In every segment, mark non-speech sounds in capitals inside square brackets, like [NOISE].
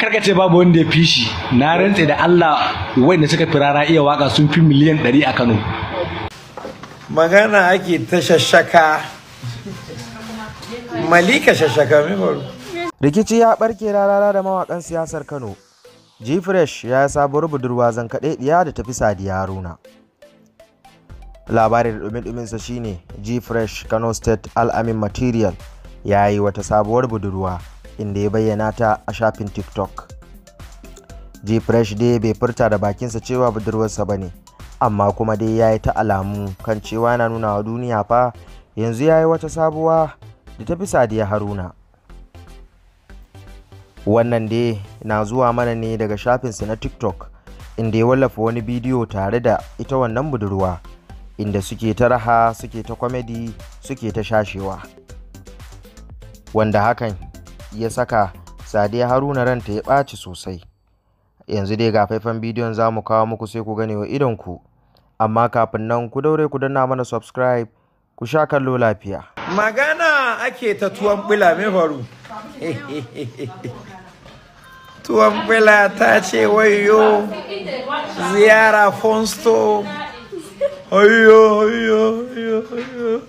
karkace babu wanda ya fi shi na rantse da Allah wanda suka fi rara iya waka sun fi miliyan 100 a Kano magana ake ta shashaka malika shashaka rikici ya barke rarara da mawakan siyasar Kano G Fresh ya sabuwar budurwa zan kaɗe ɗiya da tafi Sadiya Haruna labarin da ɗumin sa shine G Fresh Kano State Al'amin Material ya yi wata sabuwar budurwa inda ya bayyana ta a shafin tiktok g fresh dai bai furta da bakinsa cewa budurwarsa ba ne amma kuma dai ya yi ta alamu kan cewa yana nuna wa duniya fa yanzu ya yi wata sabuwa da ta fi sadiya haruna wannan dai na zuwa mana ne daga shafinsa na tiktok inda ya wallafa wani bidiyo tare da ita wannan budurwa inda suke ta raha suke ta kwamedi suke ta shashewa wanda hakan ya saka sadiya haruna ranta ya ɓaci sosai yanzu dai ga faifan bidiyon za mu kawo muku sai ku gane wa ku amma kafin nan ku daure ku danna mana subscribe ku sha kallo lafiya magana ake ta tuwon bula mai faru [LAUGHS] tuwon bula ta ce wayo ziyara fonsto ayo, [LAUGHS] ayo, ayo,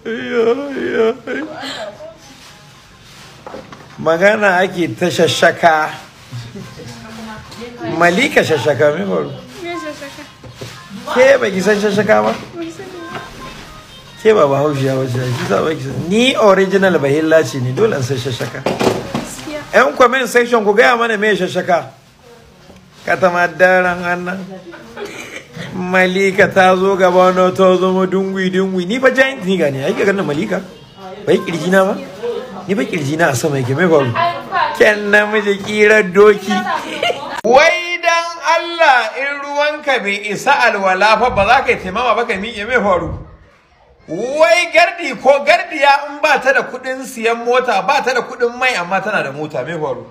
ayo, ayo. magana ake ta shashaka malika shashaka mai faru ke ba ki san shashaka ba ke ba ba haushiya ba ki sa ni original bahilla ce ne dole an san shashaka yan comment section ku gaya mana mai shashaka katama daren annan malika ta zo gaba na ta zama dungwi dungwi ni fa giant ni gane ai ga ganin malika bai kirji na ba ni ba kirji na a sama yake mai faru kyan namiji kirar doki wai dan Allah in ruwanka bai isa alwala fa ba za ka yi taimama ba ka miƙe mai faru wai gardi ko gardiya in ba ta da kuɗin siyan mota ba ta da kuɗin mai amma tana da mota mai faru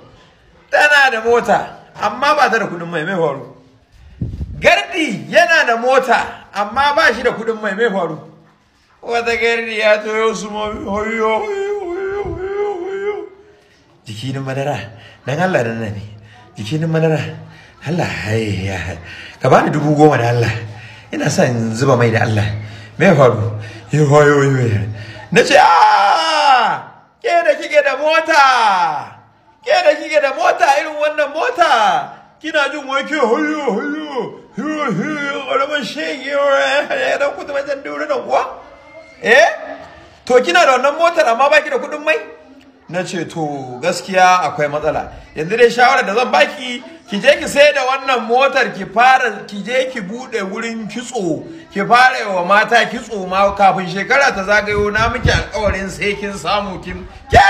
tana da mota amma ba ta da kuɗin mai mai faru gardi yana da mota amma ba shi da kuɗin mai mai faru wata gardi ya toyo su hoyo hoyo jikinin madara dan Allah dan ne jikinin madara Allah ya ka bani dubu goma da Allah ina sa in zuba mai da Allah me ya faru hoyo yi me na ce a ah, ke da kike da mota ke da kike da mota irin wannan mota kina jin wai ke hoyo hoyo hoyo hoyo ƙaramin shegewa ya eh, dan eh, kuta wajen duru da kuwa eh to kina da wannan motar amma baki da kuɗin mai na ce to gaskiya akwai matsala yanzu dai shawarar da zan baki ki je ki sai da wannan motar ki fara ki je ki bude wurin kitso ki fara wa mata kitso ma kafin shekara ta zagayo na miki alƙawarin sai kin samu kin ke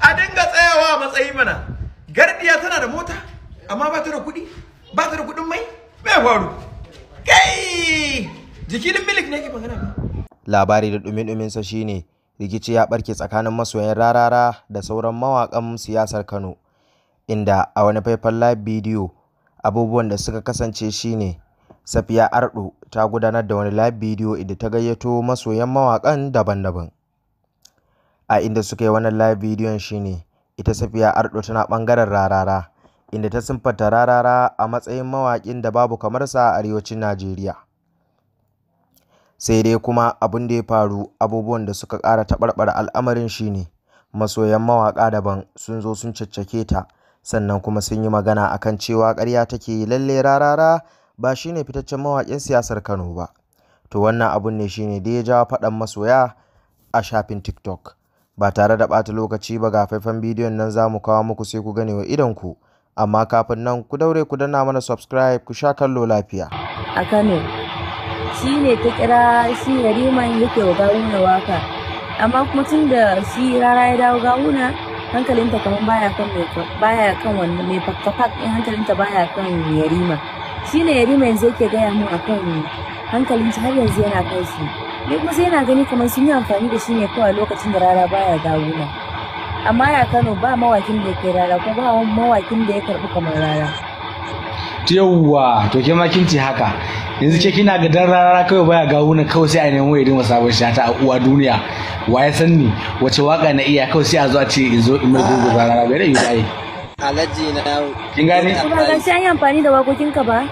a dinga tsayawa matsayi mana gardiya tana da mota amma ba ta da kuɗi ba ta da kuɗin mai me faru kai jiki milik ne ki magana labari da dumin dumin sa shine rikici ya barke tsakanin masoyan rarara da sauran mawakan siyasar kano inda a wani faifan live video, abubuwan da suka kasance shine safiya ardo ta gudanar da wani live video inda ta gayyato masoyan mawakan daban-daban a inda suka yi wannan live bidiyon shine ita safiya ardo tana bangaren rarara inda ta simfata rarara a matsayin mawakin da babu kamar sa a arewacin najeriya Sai dai kuma abin da ya faru abubuwan da suka ƙara taɓarɓara al'amarin shine masoyan mawaka daban sun zo sun caccake ta, sannan kuma sun yi magana akan cewa ƙarya take yi lalle Rarara ba shine fitaccen mawakin siyasar Kano ba. To wannan abun ne shine da ya jawo faɗan masoya a shafin TikTok. Ba tare da ɓata lokaci ba ga faifan bidiyon nan za mu kawo muku sai ku gane wa ku Amma kafin nan ku daure ku danna mana subscribe ku sha kallo lafiya. A Kano. shi ne ta kira shi yariman yake wa gawuna waka amma kuma tun da shi rara ya dawo gawuna hankalinta kamar baya kan baya kan mai fakfak in hankalinta baya kan yarima shi ne yarima yanzu yake gaya mu kan hankalinta har yanzu yana kai shi ni kuma sai yana gani kamar sun yi amfani da shi ne kawai lokacin da rara baya gawuna amma ya kano ba mawakin da ke rara ko ba mawakin da ya karɓi kamar rara yauwa to ke makinci haka yanzu ke kina ga dan rara kawai baya ga wuna kawai sai a nemo ya dinga sabon shata a uwa duniya wa ya san ni wace waka na iya kawai sai a zo a ce in zo in mai gogo rarara bai da yi alaji na kin gani kuma ga sai an yi amfani da wakokin ka ba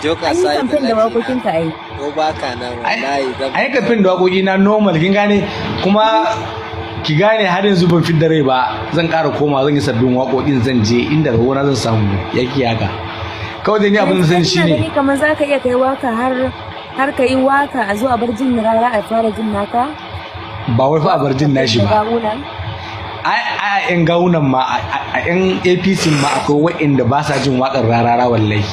Joka sai kamfen da wakokin ka ai ko baka na wallahi zan ai kamfen da wakoki na normal kin gani kuma ki gane har yanzu ban fi da rai ba zan ƙara koma zan yi sabbin waƙoƙin zan je inda gona zan samu yaki haka kawai dai ni abin zan shi ne kamar za ka iya kai waka har har ka yi waka a zuwa bar jin rara a fara jin naka ba wai fa a bar jin nashi ba ai a in gaunan ma a in apc ma akwai wa'inda ba sa jin wakar rarara wallahi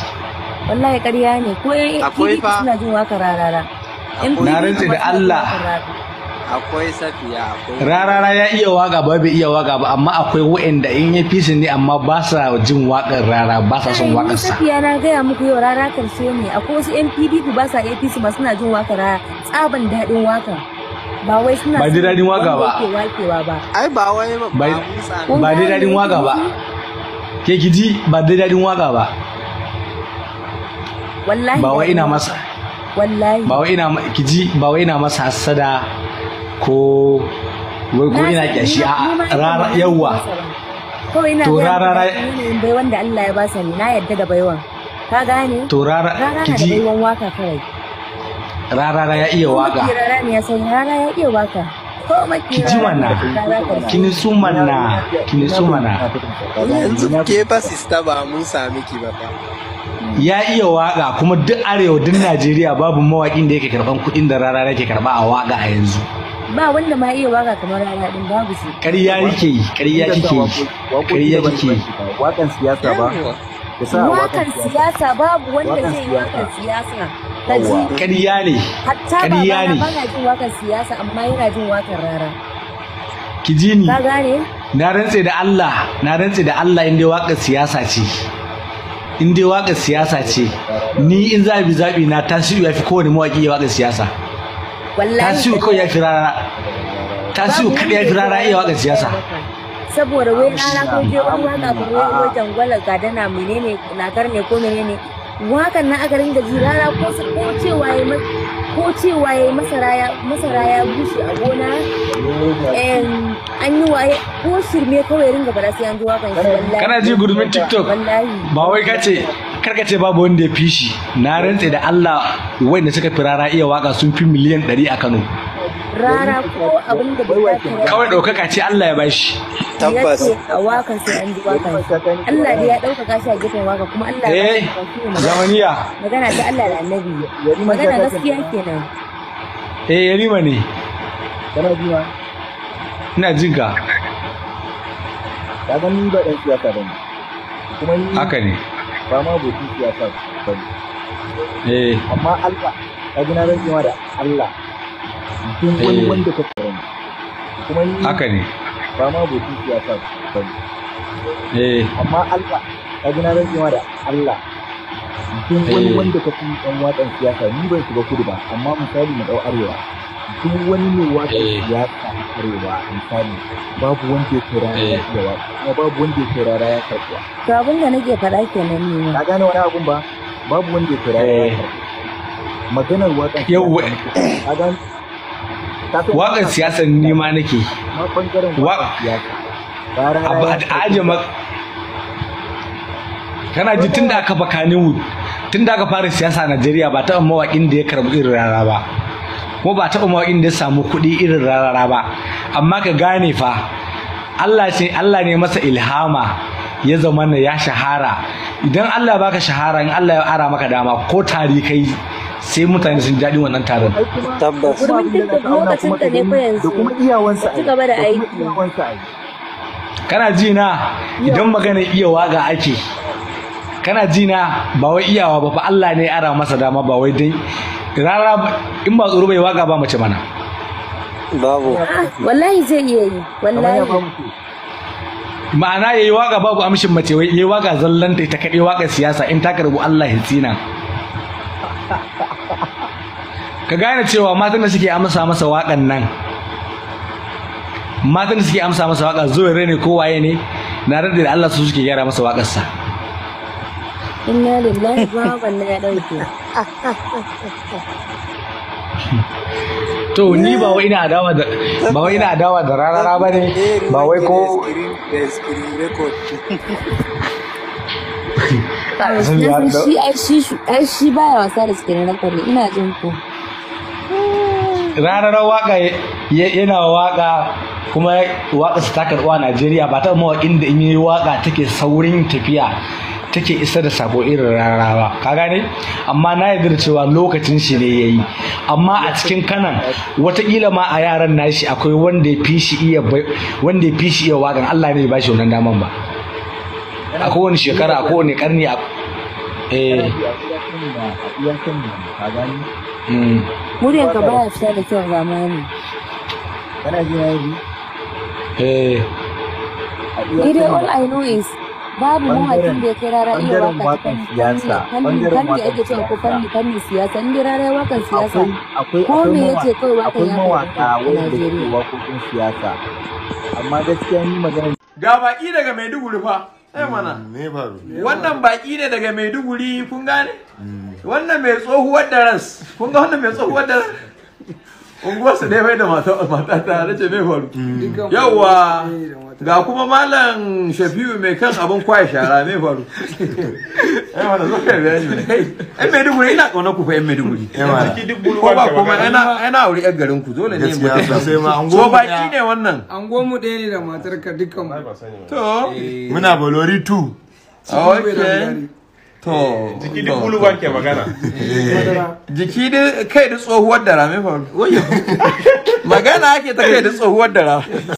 wallahi ƙarya ne ko yan apc suna jin wakar rarara na rantse da allah akwai safiya akwai rarara ya iya waka ba bai iya waka ba amma akwai wa'anda in ya fi ne amma ba sa jin wakar rara ba sa son wakar sa safiya na gaya muku yau rara karshe ne akwai wasu yan ku ba sa apc ba suna jin wakar rara tsaban daɗin waka ba wai suna ba ji daɗin waka ba ai ba wai ba ba ji daɗin waka ba ke kiji ba ji daɗin waka ba wallahi ba wai ina masa wallahi ba wai ina kiji ba wai ina masa hasada ko wai ko ina kyashi a rara yawa kawai ina to rara bai wanda Allah ya ba sani na yadda da baiwan ka gane to rara kiji baiwan waka kawai rara ya iya waka rara ne ya san rara ya iya waka kiji mana kini su mana kini su mana yanzu ke ba sista ba mun sami ki ba ya iya waka kuma duk arewa duk Najeriya babu mawakin da yake karban kuɗin da rara yake karba a waka a yanzu ba wanda ma iya waka kamar rana din babu su. ƙarya yake yi ƙarya yake yi ƙarya yake yi wakan siyasa ba wakan siyasa babu wanda zai yi wakan siyasa ƙarya ne ƙarya ne ba na jin wakan siyasa amma yana jin wakan rara ki ji ni na rantse da Allah na rantse da Allah inda wakan siyasa ce in dai waƙar siyasa ce ni in za bi zaɓi na tasiru ya fi kowane mawaƙi ya waƙar siyasa tasiru kawai ya fi rara tasiu kaɗai ya fi rara iya waƙar siyasa saboda wai rana ko je an waka ko wai gada gadana menene nakar ne ko menene wakan na aka ringa ji rara ko ko cewa yayi ko cewa yayi masara ya masara ya bushe a gona an yi waye ko shirme kawai ringa bara sai an ji wakan shi wallahi kana ji gurbin tiktok ba wai kace karkace babu wanda ya fi shi na rantse da Allah wanda suka fi rara iya waka sun fi miliyan 100 a Kano rara ko abin da bai kawai ce Allah ya bashi tabbas a wakan sai an ji wakan Allah ne ya ɗaukaka shi a gefen waka kuma Allah ya zamaniya eh, magana ta Allah da annabi magana gaskiya kenan eh yarima ne kana ji ma ina jin ka ba siyasa ba ne kuma ni haka ne ba ma bokin siyasa ba ne eh amma Allah ka gina Allah duk wani eh. wanda ka kuma ni haka ne ba ma bokin siyasa ba ne eh. amma Allah ka gina rantsewa da Allah duk wani eh. wanda ka fi siyasa ni ban shiga kudu ba amma misali mu ɗau arewa duk wani siyasa arewa misali babu wanda ya ya kuma babu wanda ya ya karɓa. to abin da nake faɗa kenan ne. ka gane wani abun ba babu wanda ya ya karɓa. maganar siyasa. waƙar siyasar nema ma nake abu kana ji tun da aka fa kanewu tun da aka fara siyasa a najeriya ba taɓa mawaƙin da ya karɓi irin rara ba kuma ba taɓa mawaƙin da ya samu kuɗi irin rara ba amma ka gane fa allah ce allah ne masa ilhama ya zama ya shahara idan allah baka shahara in allah ya ara maka dama ko tari kai sai mutane sun daɗi wannan taron. Tabbas. Gurbin TikTok ne fa yanzu. Da kuma iyawansa a yi. gaba da aiki. Kana ji na idan magana iya waga ake. Kana ji na ba wai iyawa ba fa Allah ne ara masa dama ba wai dai. Rara in ba tsoro bai waga ba mace mana. Babu. Ah, wallahi zai iya yi. Wallahi. ma'ana yi waka babu amshin mace wai yi waka zallanta ta kaɗai waka siyasa in ta karbi Allah ya tsina [LAUGHS] ka gane cewa matan da suke amsa masa waƙan nan matan da suke amsa masa waƙa zuwa ne ko ne na rade da Allah su suke gyara masa waƙarsa inna lillahi wa inna ya to ni ba wai ina adawa da ba wai ina adawa da rarara bane ba wai ko shi ai shi ai shi baya wasa da screen record ina jin ko ranar waka yana waka kuma waka su ta karɓa Najeriya ba ta mawaƙin da in yi waka take saurin tafiya take isa da sabo irin rarawa ka gane amma na yi da cewa lokacin shi ne ya yi amma a cikin kanan watakila ma a yaran nashi akwai wanda ya fi shi iya wanda ya fi shi iya Allah ne ya bashi wannan daman ba a kowane shekara a kowane karni a eh Muryan ka baya fita da kyau zamani. Kana ji na yi? Eh. Idan all I know is babu mawakin da ya kai rara iya waka ta fanni siyasa rara wakan siyasa ko me yace kawai wakan ya mawaka wanda ke wakokin siyasa amma gaskiya ni magana ga baki daga Maiduguri fa Eh mana. Mm, me faru? Wannan baki ne daga Maiduguri kun gane? Wannan mai tsohuwar da ras. Kun ga wannan mai tsohuwar da ras? unguwarsa ne mai da mata tare ce mai faru mm. yawwa ga kuma malam shafiu mai kan abin kwaye shara mai faru [LAUGHS] ai wanda zo kai bayani ne ina ku fa ko ba kuma ina ina garin ku dole ne mu sai ma an baki ne wannan ɗaya ne da matar ka dukkan to muna bolori 2 ah, okay To. Eh, jiki da kulu ba ke magana. Eh, jiki da kai da tsohuwar dara mai faru. [LAUGHS] Magana ake ta kai da tsohuwar dara.